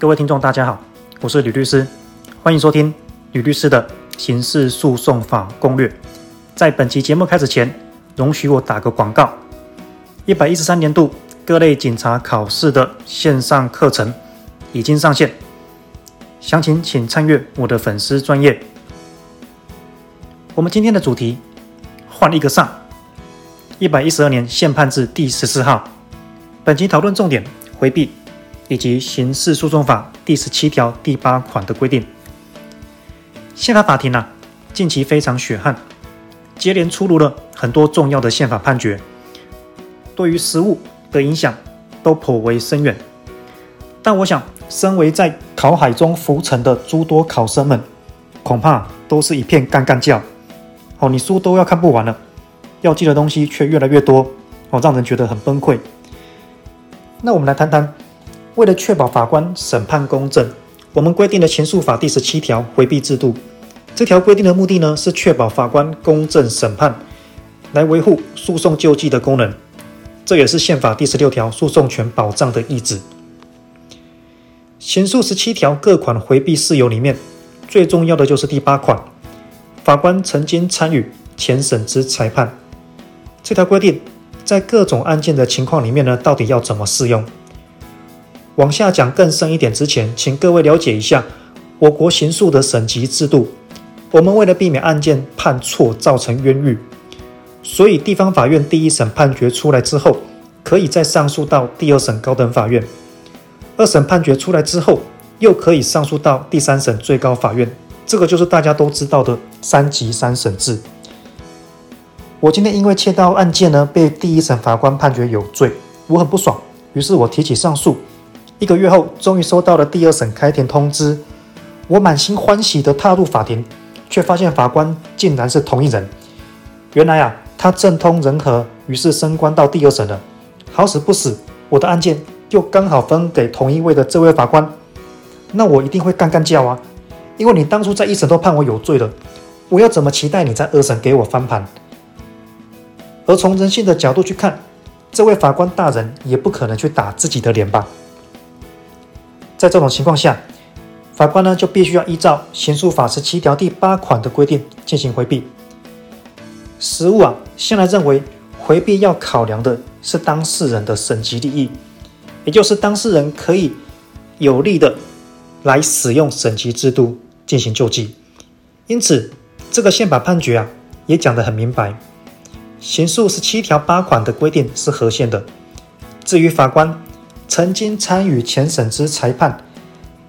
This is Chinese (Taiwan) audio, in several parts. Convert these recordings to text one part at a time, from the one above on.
各位聽眾，大家好，我是呂律師，歡迎收聽呂律師的《刑事訴訟法攻略》。在本期節目開始前，容許我打個廣告：一百一十三年度各類警察考試的線上課程已經上線，詳情請參閱我的粉絲專頁。我們今天的主題換一個上，一百一十二年憲判字第十四號，本期討論重點迴避。以及《刑事訴訟法》第十七條第八款的規定。憲法法庭吶、啊，近期非常血汗，接連出爐了很多重要的憲法判決，對於實務的影響都頗為深遠。但我想，身為在考海中浮沉的諸多考生們，恐怕都是一片干干叫哦，你書都要看不完了，要記的東西卻越來越多，哦，讓人覺得很崩潰。那我們來談談。為了確保法官審判公正，我們規定了刑訴法第十七條回避制度，這條規定的目的呢，是確保法官公正審判，來維護訴訟救濟的功能，這也是憲法第十六條訴訟權保障的意旨。刑訴十七條各款回避事由裡面，最重要的就是第八款，法官曾經參與前審之裁判。這條規定在各種案件的情況裡面呢，到底要怎麼適用？往下講更深一點之前，請各位了解一下我國刑訴的審級制度。我們為了避免案件判錯造成冤獄，所以地方法院第一審判決出來之後，可以再上訴到第二審高等法院；二審判決出來之後，又可以上訴到第三審最高法院。這個就是大家都知道的三級三審制。我今天因為竊盜案件呢，被第一審法官判決有罪，我很不爽，於是我提起上訴。一個月後，終於收到了第二審開庭通知，我滿心歡喜地踏入法庭，卻發現法官竟然是同一人。原來啊，他政通人和，於是升官到第二審了。好死不死，我的案件又剛好分給同一位的這位法官，那我一定會幹干叫啊！因為你當初在一審都判我有罪了，我要怎麼期待你在二審給我翻盤？而從人性的角度去看，這位法官大人也不可能去打自己的臉吧？在這種情況下，法官呢，就必須要依照刑訴法十七條第八款的規定進行迴避。實務啊，向來認為迴避要考量的是當事人的審級利益，也就是當事人可以有利的來使用審級制度進行救濟。因此，這個憲法判決啊，也講得很明白，刑訴十七條八款的規定是合憲的。至於法官，曾經參與前審之裁判，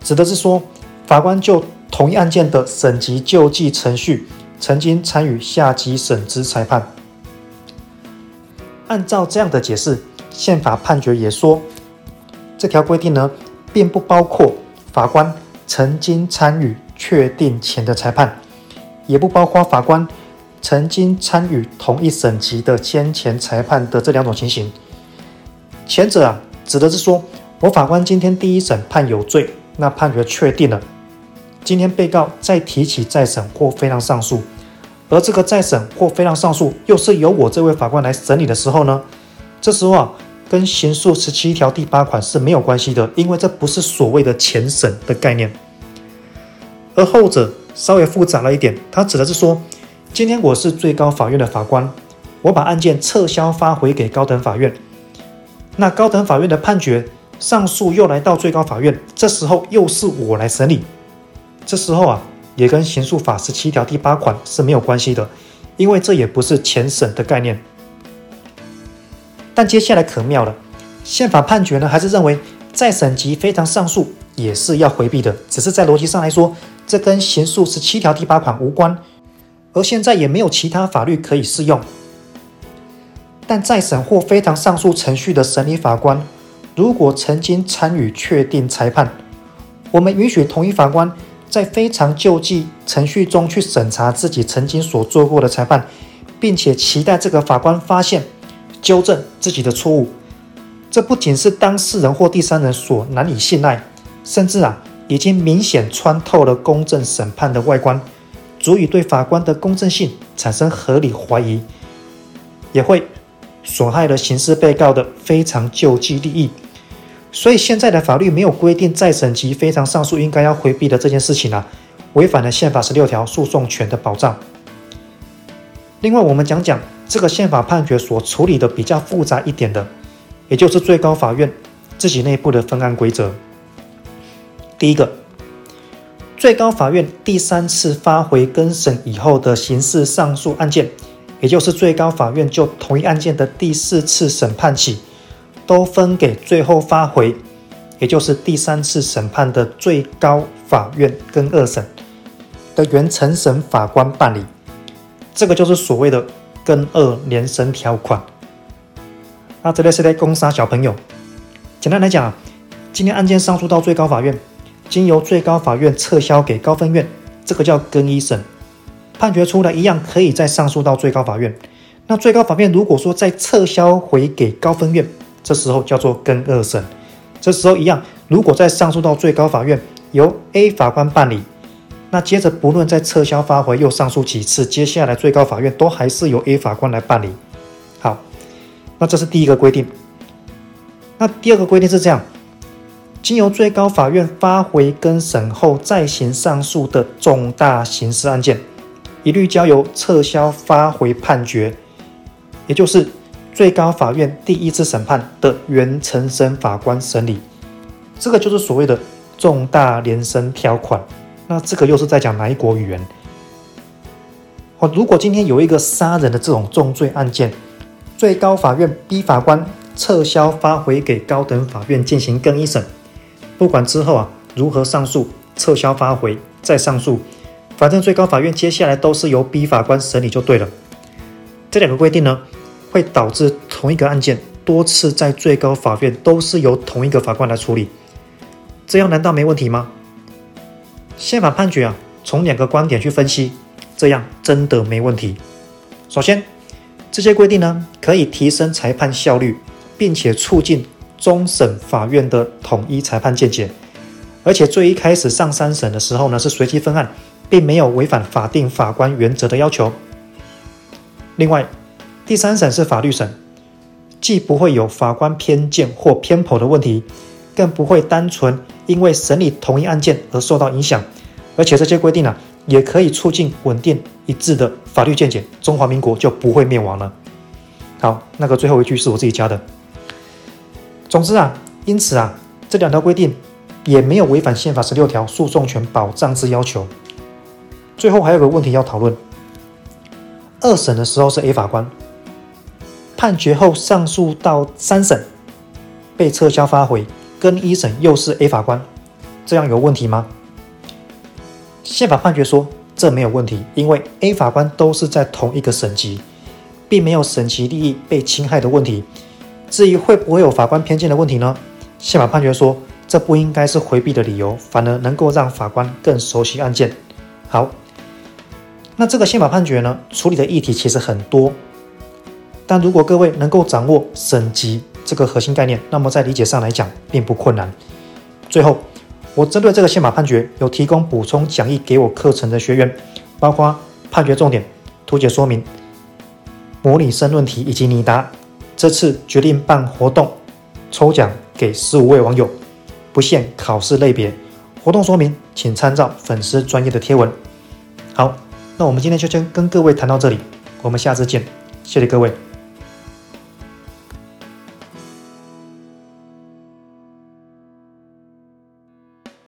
指的是說法官就同一案件的審級救濟程序曾經參與下級審之裁判。按照這樣的解釋，憲法判決也說，這條規定呢，並不包括法官曾經參與確定前的裁判，也不包括法官曾經參與同一審級的先前裁判的這兩種情形。前者啊。指的是說，我法官今天第一審判有罪，那判決確定了。今天被告再提起再審或非常上訴，而這個再審或非常上訴又是由我這位法官來審理的時候呢，這時候啊，跟刑訴十七條第八款是沒有關係的，因為這不是所謂的前審的概念。而後者稍微複雜了一點，它指的是說，今天我是最高法院的法官，我把案件撤銷發回給高等法院。那高等法院的判決上訴又來到最高法院，這時候又是我來審理。這時候啊，也跟刑訴法十七條第八款是沒有關係的，因為這也不是前審的概念。但接下來可妙了，憲法判決呢，還是認為再審及非常上訴也是要回避的，只是在邏輯上來說，這跟刑訴十七條第八款無關，而現在也沒有其他法律可以適用。但再審或非常上訴程序的審理法官，如果曾經參與確定裁判，我們允許同一法官在非常救濟程序中去審查自己曾經所做過的裁判，並且期待這個法官發現糾正自己的錯誤。這不僅是當事人或第三人所難以信賴，甚至啊已經明顯穿透了公正審判的外觀，足以對法官的公正性產生合理懷疑，也會。損害了刑事被告的非常救濟利益，所以現在的法律沒有規定再審及非常上訴應該要回避的這件事情啊，違反了憲法十六條訴訟權的保障。另外，我們講講這個憲法判決所處理的比較複雜一點的，也就是最高法院自己內部的分案規則。第一個，最高法院第三次發回更審以後的刑事上訴案件。也就是最高法院就同一案件的第四次審判起，都分給最後發回，也就是第三次審判的最高法院更二審的原承審法官辦理。這個就是所謂的更二連審條款。那這裡是的公殺小朋友。簡單來講，今天案件上訴到最高法院，經由最高法院撤銷給高分院，這個叫更一審。判決出來一樣，可以再上訴到最高法院。那最高法院如果說再撤銷回給高分院，這時候叫做更二審。這時候一樣，如果再上訴到最高法院，由 A 法官辦理。那接着不論再撤銷發回又上訴幾次，接下來最高法院都還是由 A 法官來辦理。好，那這是第一個規定。那第二個規定是這樣：經由最高法院發回更審後再行上訴的重大刑事案件。一律交由撤銷發回判決，也就是最高法院第一次審判的原承審法官審理。這個就是所謂的重大連身條款。那這個又是在講哪一國語言？好，如果今天有一個殺人的這種重罪案件，最高法院逼法官撤銷發回給高等法院進行更一審，不管之後啊如何上訴，撤銷發回再上訴。反正最高法院接下來都是由 B 法官審理就對了。這兩個規定呢，會導致同一個案件多次在最高法院都是由同一個法官來處理，這樣難道沒問題嗎？憲法判決啊，從兩個觀點去分析，這樣真的沒問題。首先，這些規定呢，可以提升裁判效率，並且促進終審法院的統一裁判見解。而且最一開始上三審的時候呢，是隨機分案。並沒有違反法定法官原則的要求。另外，第三審是法律審，既不會有法官偏見或偏頗的問題，更不會單純因為審理同一案件而受到影響。而且這些規定呢、啊，也可以促進穩定一致的法律見解，中華民國就不會滅亡了。好，那個最後一句是我自己加的。總之啊，因此啊，這兩條規定也沒有違反憲法十六條訴訟權保障之要求。最後還有一個問題要討論：二審的時候是 A 法官判決後上訴到三審被撤銷發回，跟一審又是 A 法官，這樣有問題嗎？憲法判決說這沒有問題，因為 A 法官都是在同一個審級，並沒有審級利益被侵害的問題。至於會不會有法官偏見的問題呢？憲法判決說這不應該是回避的理由，反而能夠讓法官更熟悉案件。好。那這個憲法判決呢，處理的議題其實很多，但如果各位能夠掌握“審級”這個核心概念，那麼在理解上來講並不困難。最後，我針對這個憲法判決有提供補充講義給我課程的學員，包括判決重點、圖解說明、模擬申論題以及擬答。這次決定辦活動，抽獎給十五位網友，不限考試類別。活動說明請參照粉絲專頁的貼文。好。那我們今天就先跟各位談到這裡，我們下次見，謝謝各位。